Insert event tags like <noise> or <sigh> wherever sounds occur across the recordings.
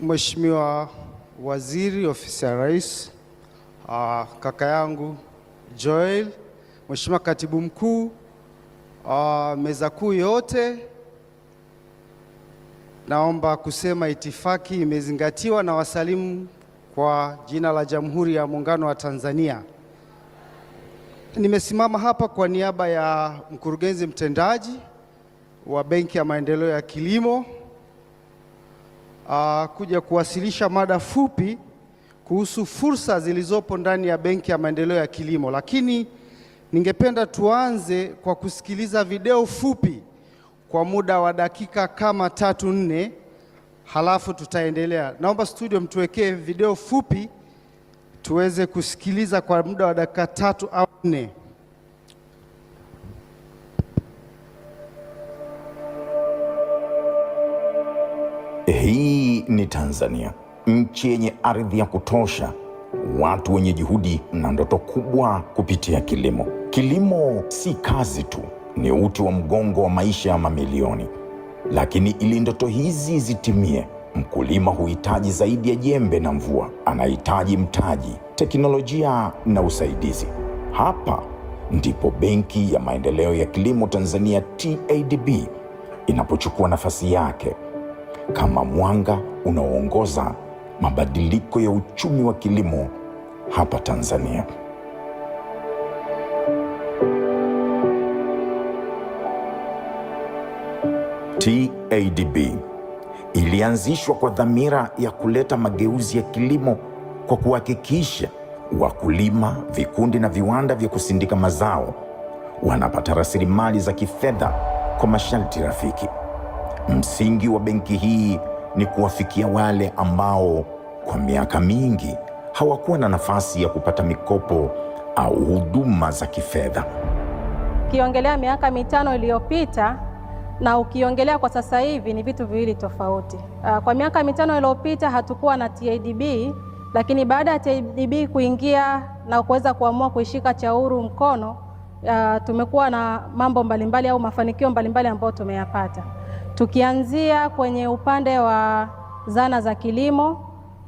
Mheshimiwa Waziri Ofisi ya Rais, uh, kaka yangu Joel, Mheshimiwa Katibu Mkuu, uh, meza kuu yote, naomba kusema itifaki imezingatiwa na wasalimu kwa jina la Jamhuri ya Muungano wa Tanzania. Nimesimama hapa kwa niaba ya mkurugenzi mtendaji wa Benki ya Maendeleo ya Kilimo uh, kuja kuwasilisha mada fupi kuhusu fursa zilizopo ndani ya Benki ya Maendeleo ya Kilimo, lakini ningependa tuanze kwa kusikiliza video fupi kwa muda wa dakika kama tatu nne, halafu tutaendelea. Naomba studio mtuwekee video fupi tuweze kusikiliza kwa muda wa dakika tatu au nne. Tanzania, nchi yenye ardhi ya kutosha, watu wenye juhudi na ndoto kubwa kupitia kilimo. Kilimo si kazi tu, ni uti wa mgongo wa maisha ya mamilioni. Lakini ili ndoto hizi zitimie, mkulima huhitaji zaidi ya jembe na mvua. Anahitaji mtaji, teknolojia na usaidizi. Hapa ndipo Benki ya Maendeleo ya Kilimo Tanzania, TADB, inapochukua nafasi yake kama mwanga unaoongoza mabadiliko ya uchumi wa kilimo hapa Tanzania. TADB ilianzishwa kwa dhamira ya kuleta mageuzi ya kilimo kwa kuhakikisha wakulima, vikundi na viwanda vya kusindika mazao wanapata rasilimali za kifedha kwa masharti rafiki. Msingi wa benki hii ni kuwafikia wale ambao kwa miaka mingi hawakuwa na nafasi ya kupata mikopo au huduma za kifedha. Ukiongelea miaka mitano iliyopita na ukiongelea kwa sasa hivi ni vitu viwili tofauti. Ah, kwa miaka mitano iliyopita hatukuwa na TADB, lakini baada ya TADB kuingia na kuweza kuamua kuishika Chauru mkono, ah, tumekuwa na mambo mbalimbali au mafanikio mbalimbali ambayo tumeyapata. Tukianzia kwenye upande wa zana za kilimo,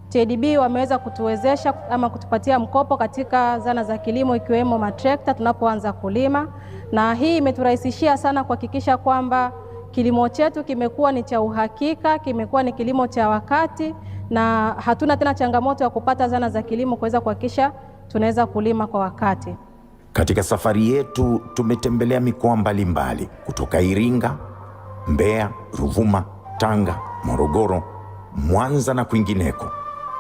TDB wameweza kutuwezesha ama kutupatia mkopo katika zana za kilimo ikiwemo matrekta tunapoanza kulima, na hii imeturahisishia sana kuhakikisha kwamba kilimo chetu kimekuwa ni cha uhakika, kimekuwa ni kilimo cha wakati na hatuna tena changamoto ya kupata zana za kilimo kuweza kuhakikisha tunaweza kulima kwa wakati. Katika safari yetu tumetembelea mikoa mbalimbali kutoka Iringa Mbeya, Ruvuma, Tanga, Morogoro, Mwanza na kwingineko.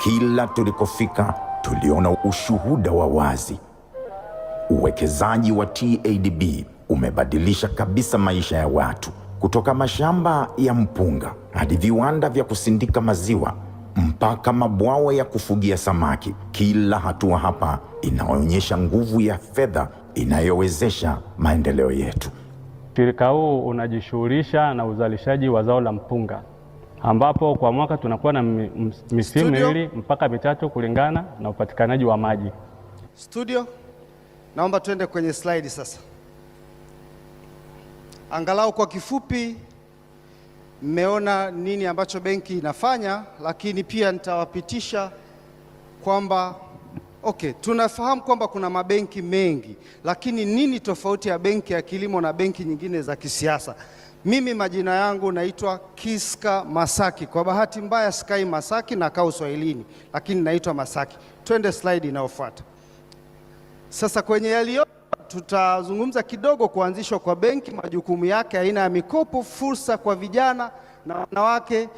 Kila tulikofika tuliona ushuhuda wa wazi. Uwekezaji wa TADB umebadilisha kabisa maisha ya watu, kutoka mashamba ya mpunga hadi viwanda vya kusindika maziwa mpaka mabwawa ya kufugia samaki. Kila hatua hapa inaonyesha nguvu ya fedha inayowezesha maendeleo yetu. Ushirika huu unajishughulisha na uzalishaji wa zao la mpunga ambapo kwa mwaka tunakuwa na misimu miwili mpaka mitatu kulingana na upatikanaji wa maji. Studio, naomba tuende kwenye slide sasa. Angalau kwa kifupi mmeona nini ambacho benki inafanya, lakini pia nitawapitisha kwamba Okay, tunafahamu kwamba kuna mabenki mengi, lakini nini tofauti ya benki ya kilimo na benki nyingine za kisiasa? Mimi majina yangu naitwa Kiska Masaki. Kwa bahati mbaya sikai Masaki, nakaa Uswahilini, lakini naitwa Masaki. Twende slide inayofuata. Sasa kwenye yaliyo tutazungumza kidogo kuanzishwa kwa benki, majukumu yake, aina ya mikopo, fursa kwa vijana na wanawake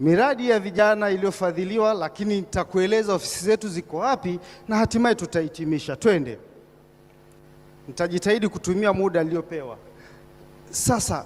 miradi ya vijana iliyofadhiliwa, lakini nitakueleza ofisi zetu ziko wapi na hatimaye tutahitimisha. Twende, nitajitahidi kutumia muda aliyopewa. Sasa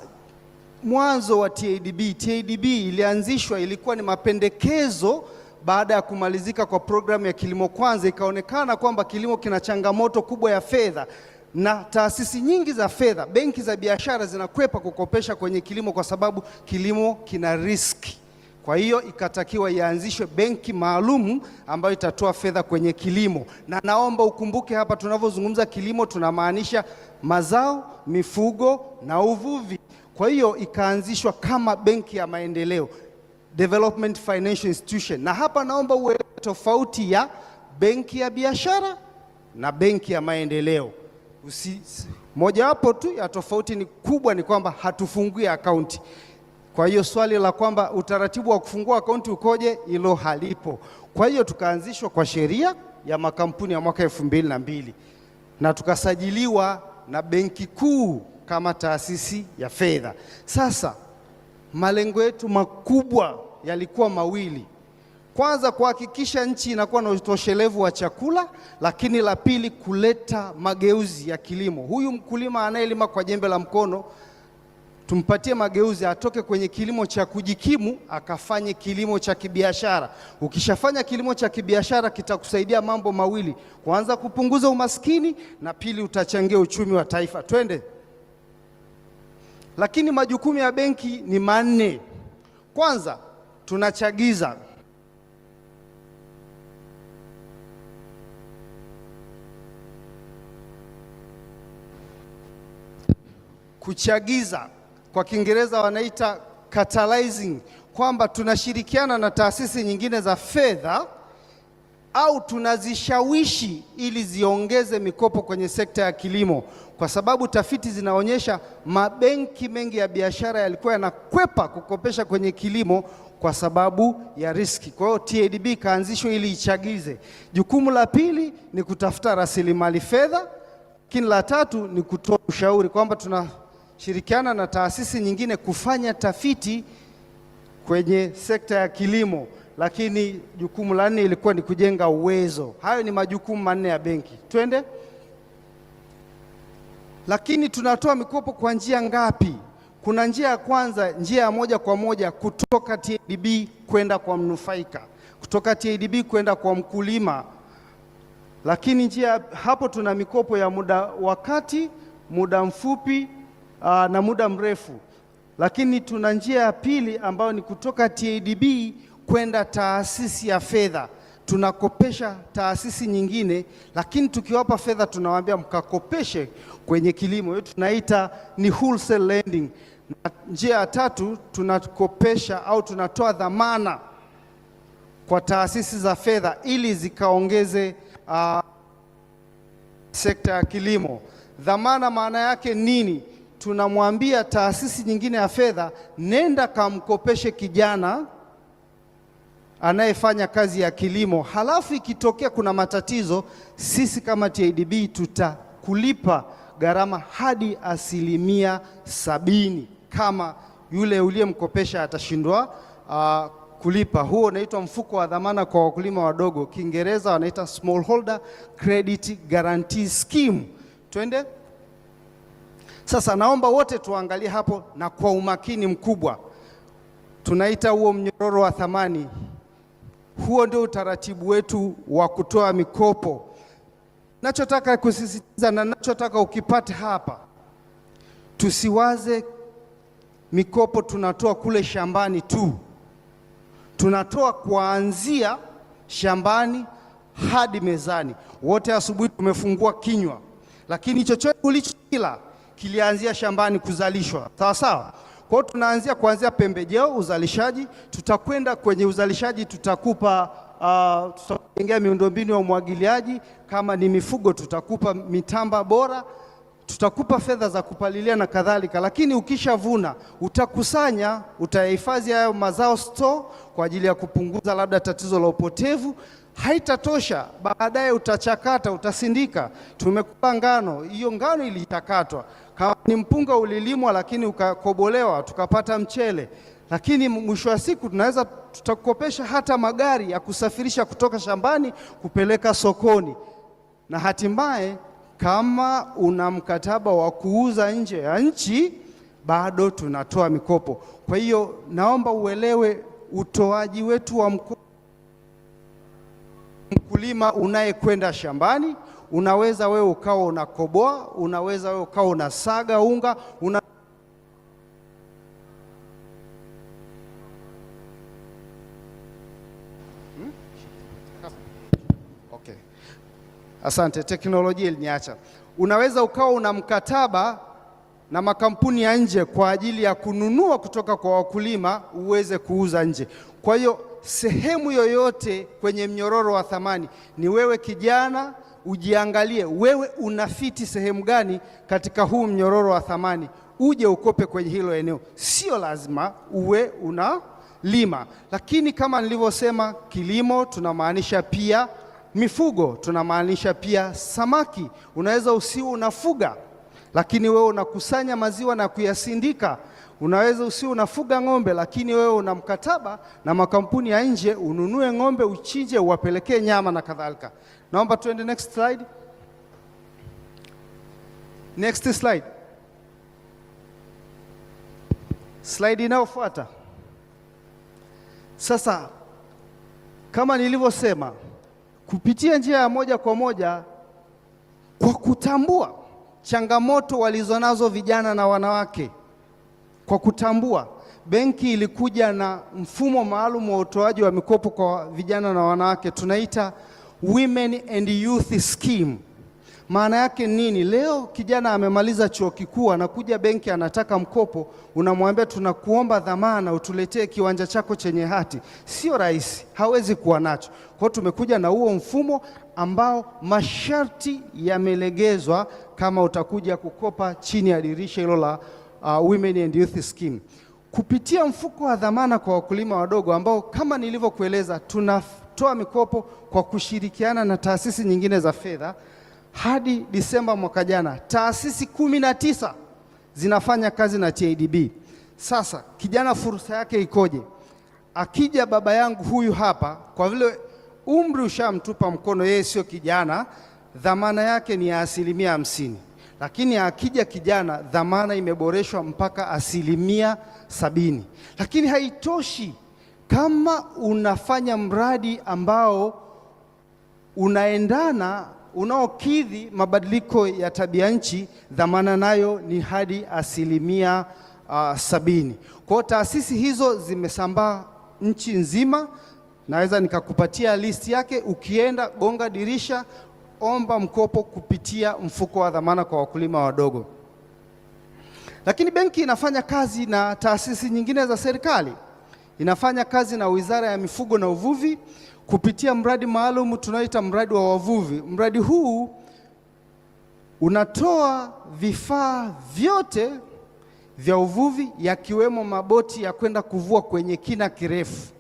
mwanzo wa TADB, TADB ilianzishwa, ilikuwa ni mapendekezo baada ya kumalizika kwa programu ya kilimo kwanza, ikaonekana kwamba kilimo kina changamoto kubwa ya fedha na taasisi nyingi za fedha, benki za biashara zinakwepa kukopesha kwenye kilimo kwa sababu kilimo kina riski. Kwa hiyo ikatakiwa ianzishwe benki maalum ambayo itatoa fedha kwenye kilimo, na naomba ukumbuke hapa tunavyozungumza kilimo tunamaanisha mazao, mifugo na uvuvi. Kwa hiyo ikaanzishwa kama benki ya maendeleo, Development Financial Institution, na hapa naomba uelewe tofauti ya benki ya biashara na benki ya maendeleo. Mojawapo tu ya tofauti ni kubwa ni kwamba hatufungui akaunti. Kwa hiyo swali la kwamba utaratibu wa kufungua akaunti ukoje, hilo halipo. Kwa hiyo tukaanzishwa kwa sheria ya makampuni ya mwaka elfu mbili na mbili na tukasajiliwa na Benki Kuu kama taasisi ya fedha. Sasa malengo yetu makubwa yalikuwa mawili. Kwanza, kuhakikisha nchi inakuwa na utoshelevu wa chakula, lakini la pili, kuleta mageuzi ya kilimo. Huyu mkulima anayelima kwa jembe la mkono tumpatie mageuzi, atoke kwenye kilimo cha kujikimu akafanye kilimo cha kibiashara. Ukishafanya kilimo cha kibiashara kitakusaidia mambo mawili, kwanza kupunguza umaskini na pili utachangia uchumi wa taifa. Twende. Lakini majukumu ya benki ni manne. Kwanza tunachagiza kuchagiza kwa Kiingereza wanaita catalyzing, kwamba tunashirikiana na taasisi nyingine za fedha au tunazishawishi ili ziongeze mikopo kwenye sekta ya kilimo, kwa sababu tafiti zinaonyesha mabenki mengi ya biashara yalikuwa yanakwepa kukopesha kwenye kilimo kwa sababu ya riski. Kwa hiyo TADB ikaanzishwa ili ichagize. Jukumu la pili ni kutafuta rasilimali fedha, lakini la tatu ni kutoa ushauri kwamba tuna shirikiana na taasisi nyingine kufanya tafiti kwenye sekta ya kilimo, lakini jukumu la nne ilikuwa ni kujenga uwezo. Hayo ni majukumu manne ya benki. Twende. Lakini tunatoa mikopo kwa njia ngapi? Kuna njia ya kwanza, njia ya moja kwa moja kutoka TADB kwenda kwa mnufaika, kutoka TADB kwenda kwa mkulima. Lakini njia hapo, tuna mikopo ya muda wa kati, muda mfupi uh, na muda mrefu, lakini tuna njia ya pili ambayo ni kutoka TADB kwenda taasisi ya fedha. Tunakopesha taasisi nyingine, lakini tukiwapa fedha tunawaambia mkakopeshe kwenye kilimo, hiyo tunaita ni wholesale lending. Na njia ya tatu tunakopesha au tunatoa dhamana kwa taasisi za fedha ili zikaongeze uh, sekta ya kilimo. Dhamana maana yake nini? tunamwambia taasisi nyingine ya fedha, nenda kamkopeshe kijana anayefanya kazi ya kilimo, halafu ikitokea kuna matatizo, sisi kama TADB tutakulipa gharama hadi asilimia sabini kama yule uliyemkopesha atashindwa uh, kulipa. Huo unaitwa mfuko wa dhamana kwa wakulima wadogo, Kiingereza wanaita Smallholder Credit Guarantee Scheme. Twende. Sasa naomba wote tuangalie hapo na kwa umakini mkubwa. Tunaita huo mnyororo wa thamani. Huo ndio utaratibu wetu wa kutoa mikopo. Nachotaka kusisitiza na nachotaka ukipate hapa, tusiwaze mikopo tunatoa kule shambani tu. Tunatoa kuanzia shambani hadi mezani. Wote asubuhi tumefungua kinywa, lakini chochote ulichokila kilianzia shambani kuzalishwa, sawa sawa. Kwa hiyo tunaanzia kuanzia pembejeo, uzalishaji, tutakwenda kwenye uzalishaji, tutakupa uh, tutakujengea miundombinu ya umwagiliaji, kama ni mifugo tutakupa mitamba bora, tutakupa fedha za kupalilia na kadhalika. Lakini ukishavuna utakusanya, utayahifadhi hayo mazao store kwa ajili ya kupunguza labda tatizo la upotevu haitatosha, baadaye utachakata, utasindika. Tumekula ngano, hiyo ngano ilichakatwa, kama ni mpunga ulilimwa, lakini ukakobolewa, tukapata mchele lakini mwisho wa siku tunaweza tutakopesha hata magari ya kusafirisha kutoka shambani kupeleka sokoni, na hatimaye kama una mkataba wa kuuza nje ya nchi bado tunatoa mikopo. Kwa hiyo naomba uelewe utoaji wetu wa mkopo mkulima unayekwenda shambani, unaweza wewe ukawa unakoboa, unaweza wewe ukawa unasaga unga una hmm? Asante, teknolojia iliniacha. Unaweza ukawa una mkataba na makampuni ya nje kwa ajili ya kununua kutoka kwa wakulima uweze kuuza nje, kwa hiyo sehemu yoyote kwenye mnyororo wa thamani, ni wewe kijana ujiangalie wewe unafiti sehemu gani katika huu mnyororo wa thamani, uje ukope kwenye hilo eneo. Sio lazima uwe unalima, lakini kama nilivyosema, kilimo tunamaanisha pia mifugo, tunamaanisha pia samaki. Unaweza usiwe unafuga, lakini wewe unakusanya maziwa na kuyasindika Unaweza usio unafuga ng'ombe, lakini wewe una mkataba na makampuni ya nje, ununue ng'ombe, uchinje, uwapelekee nyama na kadhalika. Naomba tuende next slide. Next slide. Slide inayofuata. Sasa kama nilivyosema, kupitia njia ya moja kwa moja kwa kutambua changamoto walizonazo vijana na wanawake kwa kutambua benki ilikuja na mfumo maalum wa utoaji wa mikopo kwa vijana na wanawake, tunaita Women and Youth Scheme. Maana yake nini? Leo kijana amemaliza chuo kikuu, anakuja benki, anataka mkopo, unamwambia tunakuomba dhamana, utuletee kiwanja chako chenye hati. Sio rahisi, hawezi kuwa nacho. Kwa hiyo tumekuja na huo mfumo ambao masharti yamelegezwa, kama utakuja kukopa chini ya dirisha hilo la uh, women and youth scheme kupitia mfuko wa dhamana kwa wakulima wadogo ambao kama nilivyokueleza tunatoa mikopo kwa kushirikiana na taasisi nyingine za fedha. Hadi Disemba mwaka jana taasisi kumi na tisa zinafanya kazi na TADB. Sasa kijana fursa yake ikoje? Akija baba yangu huyu hapa, kwa vile umri ushamtupa mkono, yeye sio kijana, dhamana yake ni ya asilimia hamsini lakini akija kijana dhamana imeboreshwa mpaka asilimia sabini. Lakini haitoshi kama unafanya mradi ambao unaendana unaokidhi mabadiliko ya tabia nchi, dhamana nayo ni hadi asilimia uh, sabini. Kwa taasisi hizo zimesambaa nchi nzima, naweza nikakupatia listi yake, ukienda gonga dirisha kuomba mkopo kupitia mfuko wa dhamana kwa wakulima wadogo. Lakini benki inafanya kazi na taasisi nyingine za serikali, inafanya kazi na Wizara ya Mifugo na Uvuvi kupitia mradi maalum tunaoita mradi wa wavuvi. Mradi huu unatoa vifaa vyote vya uvuvi yakiwemo maboti ya kwenda kuvua kwenye kina kirefu.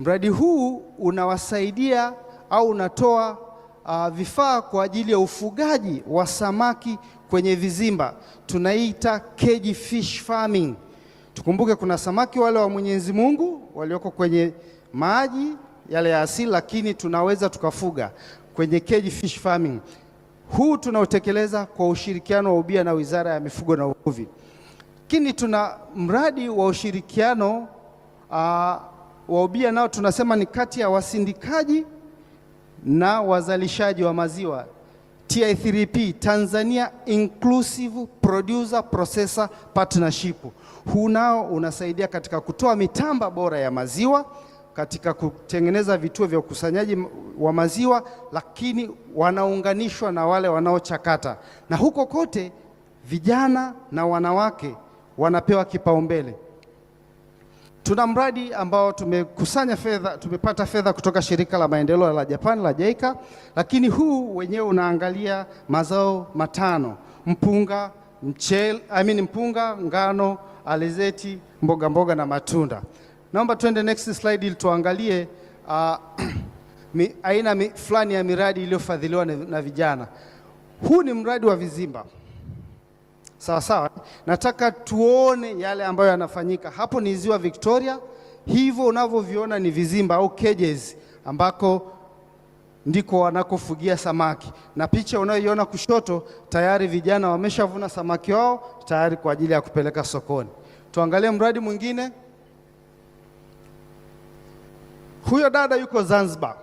Mradi huu unawasaidia au unatoa uh, vifaa kwa ajili ya ufugaji wa samaki kwenye vizimba, tunaita cage fish farming. Tukumbuke kuna samaki wale wa Mwenyezi Mungu walioko kwenye maji yale ya asili, lakini tunaweza tukafuga kwenye cage fish farming. Huu tunaotekeleza kwa ushirikiano wa ubia na Wizara ya Mifugo na Uvuvi, lakini tuna mradi wa ushirikiano uh, wa ubia nao tunasema ni kati ya wasindikaji na wazalishaji wa maziwa TI3P Tanzania Inclusive Producer Processor Partnership. Huu nao unasaidia katika kutoa mitamba bora ya maziwa katika kutengeneza vituo vya ukusanyaji wa maziwa, lakini wanaunganishwa na wale wanaochakata, na huko kote vijana na wanawake wanapewa kipaumbele. Tuna mradi ambao tumekusanya fedha, tumepata fedha kutoka shirika la maendeleo la Japani la JICA, lakini huu wenyewe unaangalia mazao matano: mpunga, mchele, I mean mpunga, ngano, alizeti, mboga mboga na matunda. Naomba tuende next slide ili tuangalie uh, <clears throat> mi, aina mi, fulani ya miradi iliyofadhiliwa na, na vijana. Huu ni mradi wa vizimba Sawa sawa, nataka tuone yale ambayo yanafanyika hapo. Ni ziwa Victoria, hivyo unavyoviona ni vizimba au cages ambako ndiko wanakofugia samaki, na picha unayoiona kushoto tayari vijana wameshavuna samaki wao tayari kwa ajili ya kupeleka sokoni. Tuangalie mradi mwingine. Huyo dada yuko Zanzibar.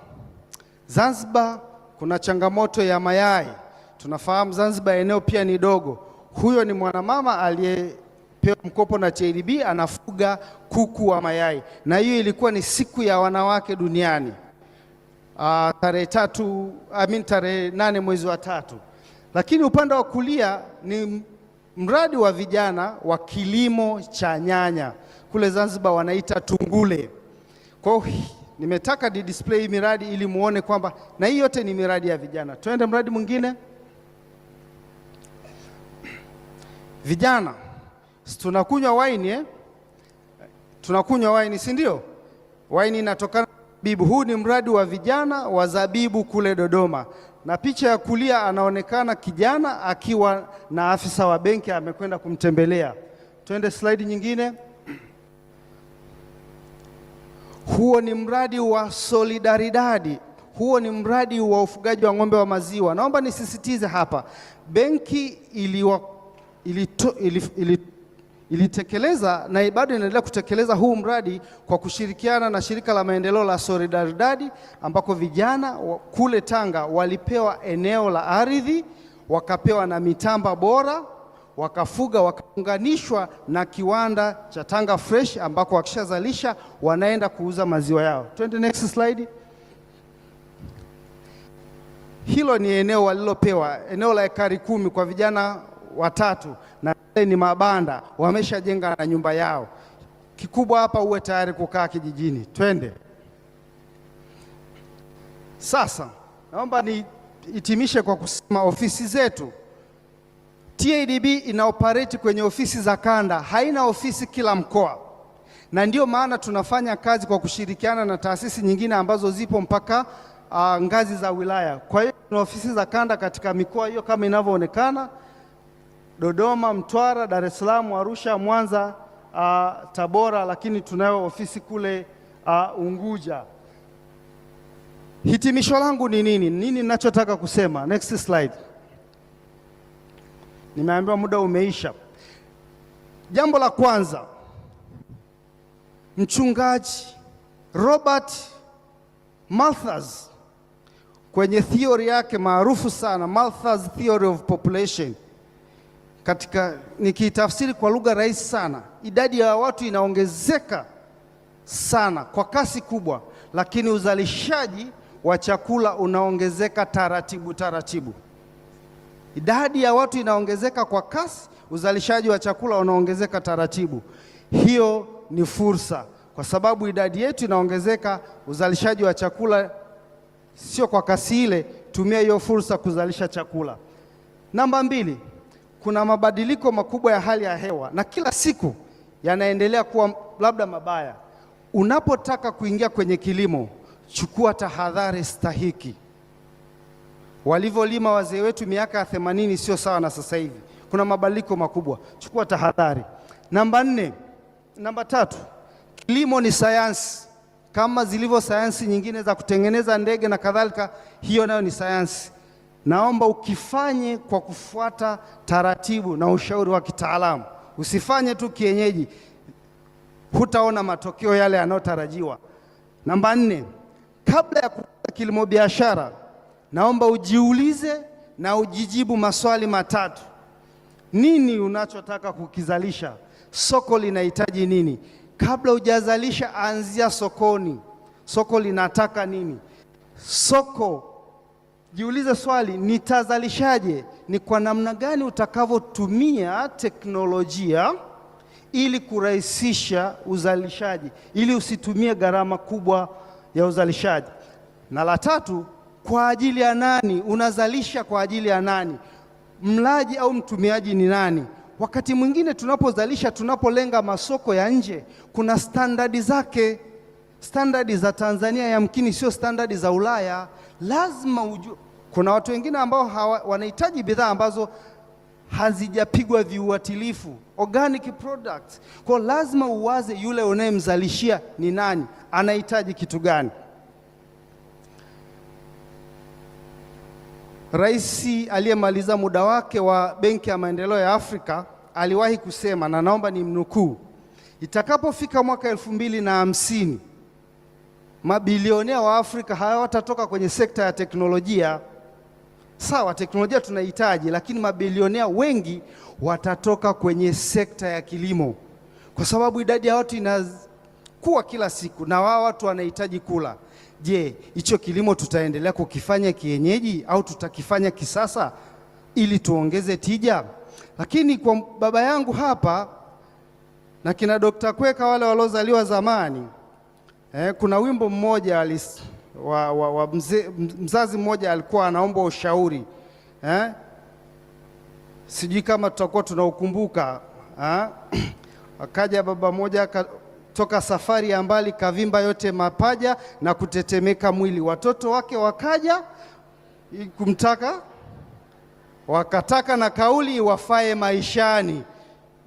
Zanzibar kuna changamoto ya mayai. Tunafahamu Zanzibar eneo pia ni dogo huyo ni mwanamama aliyepewa mkopo na TLB, anafuga kuku wa mayai, na hiyo ilikuwa ni siku ya wanawake duniani ah, tarehe tatu, I mean tarehe nane mwezi wa tatu. Lakini upande wa kulia ni mradi wa vijana wa kilimo cha nyanya kule Zanzibar wanaita tungule. Kwa hiyo nimetaka di display miradi ili muone kwamba na hii yote ni miradi ya vijana. Tuende mradi mwingine. vijana tunakunywa waini eh? Tunakunywa waini si ndio? Waini inatokana zabibu. Huu ni mradi wa vijana wa zabibu kule Dodoma, na picha ya kulia anaonekana kijana akiwa na afisa wa benki amekwenda kumtembelea. Twende slide nyingine. Huo ni mradi wa Solidaridadi. Huo ni mradi wa ufugaji wa ng'ombe wa maziwa. Naomba nisisitize hapa, benki iliwa ilito, ilif, ilif, ilitekeleza na bado inaendelea kutekeleza huu mradi kwa kushirikiana na shirika la maendeleo la Solidaridad ambako vijana kule Tanga walipewa eneo la ardhi, wakapewa na mitamba bora, wakafuga, wakaunganishwa na kiwanda cha Tanga Fresh ambako wakishazalisha wanaenda kuuza maziwa yao. Twende next slide. Hilo ni eneo walilopewa, eneo la ekari kumi kwa vijana watatu na ni mabanda wameshajenga na nyumba yao. Kikubwa hapa uwe tayari kukaa kijijini, twende sasa. Naomba nihitimishe kwa kusema ofisi zetu TADB ina operate kwenye ofisi za kanda, haina ofisi kila mkoa, na ndio maana tunafanya kazi kwa kushirikiana na taasisi nyingine ambazo zipo mpaka uh, ngazi za wilaya. Kwa hiyo tuna ofisi za kanda katika mikoa hiyo kama inavyoonekana. Dodoma, Mtwara, Dar es Salaam, Arusha, Mwanza, uh, Tabora, lakini tunayo ofisi kule uh, Unguja. Hitimisho langu ni nini? Nini ninachotaka kusema? Next slide. Nimeambiwa muda umeisha. Jambo la kwanza, mchungaji Robert Malthus kwenye theory yake maarufu sana Malthus theory of population katika nikitafsiri kwa lugha rahisi sana, idadi ya watu inaongezeka sana kwa kasi kubwa, lakini uzalishaji wa chakula unaongezeka taratibu taratibu. Idadi ya watu inaongezeka kwa kasi, uzalishaji wa chakula unaongezeka taratibu. Hiyo ni fursa, kwa sababu idadi yetu inaongezeka, uzalishaji wa chakula sio kwa kasi ile. Tumia hiyo fursa kuzalisha chakula. Namba mbili kuna mabadiliko makubwa ya hali ya hewa na kila siku yanaendelea kuwa labda mabaya. Unapotaka kuingia kwenye kilimo, chukua tahadhari stahiki. Walivyolima wazee wetu miaka ya themanini sio sawa na sasa hivi, kuna mabadiliko makubwa, chukua tahadhari. Namba nne, namba tatu, kilimo ni sayansi kama zilivyo sayansi nyingine za kutengeneza ndege na kadhalika, hiyo nayo ni sayansi naomba ukifanye kwa kufuata taratibu na ushauri wa kitaalamu, usifanye tu kienyeji, hutaona matokeo yale yanayotarajiwa. Namba nne, kabla ya kuanza kilimo biashara, naomba ujiulize na ujijibu maswali matatu: nini unachotaka kukizalisha? Soko linahitaji nini? Kabla hujazalisha, anzia sokoni. Soko linataka nini? soko jiulize swali, nitazalishaje? Ni kwa namna gani utakavyotumia teknolojia ili kurahisisha uzalishaji, ili usitumie gharama kubwa ya uzalishaji. Na la tatu, kwa ajili ya nani unazalisha? Kwa ajili ya nani? Mlaji au mtumiaji ni nani? Wakati mwingine tunapozalisha, tunapolenga masoko ya nje, kuna standardi zake standardi za Tanzania yamkini sio standardi za Ulaya. Lazima ujue kuna watu wengine ambao hawa, wanahitaji bidhaa ambazo hazijapigwa viuatilifu organic products. Kwa lazima uwaze yule unayemzalishia ni nani, anahitaji kitu gani. Rais aliyemaliza muda wake wa Benki ya Maendeleo ya Afrika aliwahi kusema na naomba ni mnukuu, itakapofika mwaka elfu mbili na hamsini mabilionea wa Afrika hawatatoka kwenye sekta ya teknolojia. Sawa, teknolojia tunahitaji, lakini mabilionea wengi watatoka kwenye sekta ya kilimo, kwa sababu idadi ya watu inakuwa kila siku na wao watu wanahitaji kula. Je, hicho kilimo tutaendelea kukifanya kienyeji au tutakifanya kisasa ili tuongeze tija? Lakini kwa baba yangu hapa na kina Dokta Kweka wale waliozaliwa zamani Eh, kuna wimbo mmoja alis, wa, wa, wa mze, mzazi mmoja alikuwa anaomba ushauri eh? Sijui kama tutakuwa tunaukumbuka eh? <clears throat> Akaja baba mmoja toka safari ya mbali, kavimba yote mapaja na kutetemeka mwili. Watoto wake wakaja kumtaka, wakataka na kauli wafae maishani.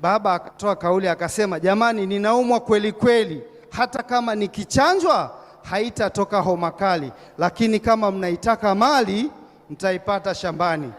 Baba akatoa kauli akasema, jamani, ninaumwa kweli kweli hata kama nikichanjwa haitatoka homa kali, lakini kama mnaitaka mali mtaipata shambani.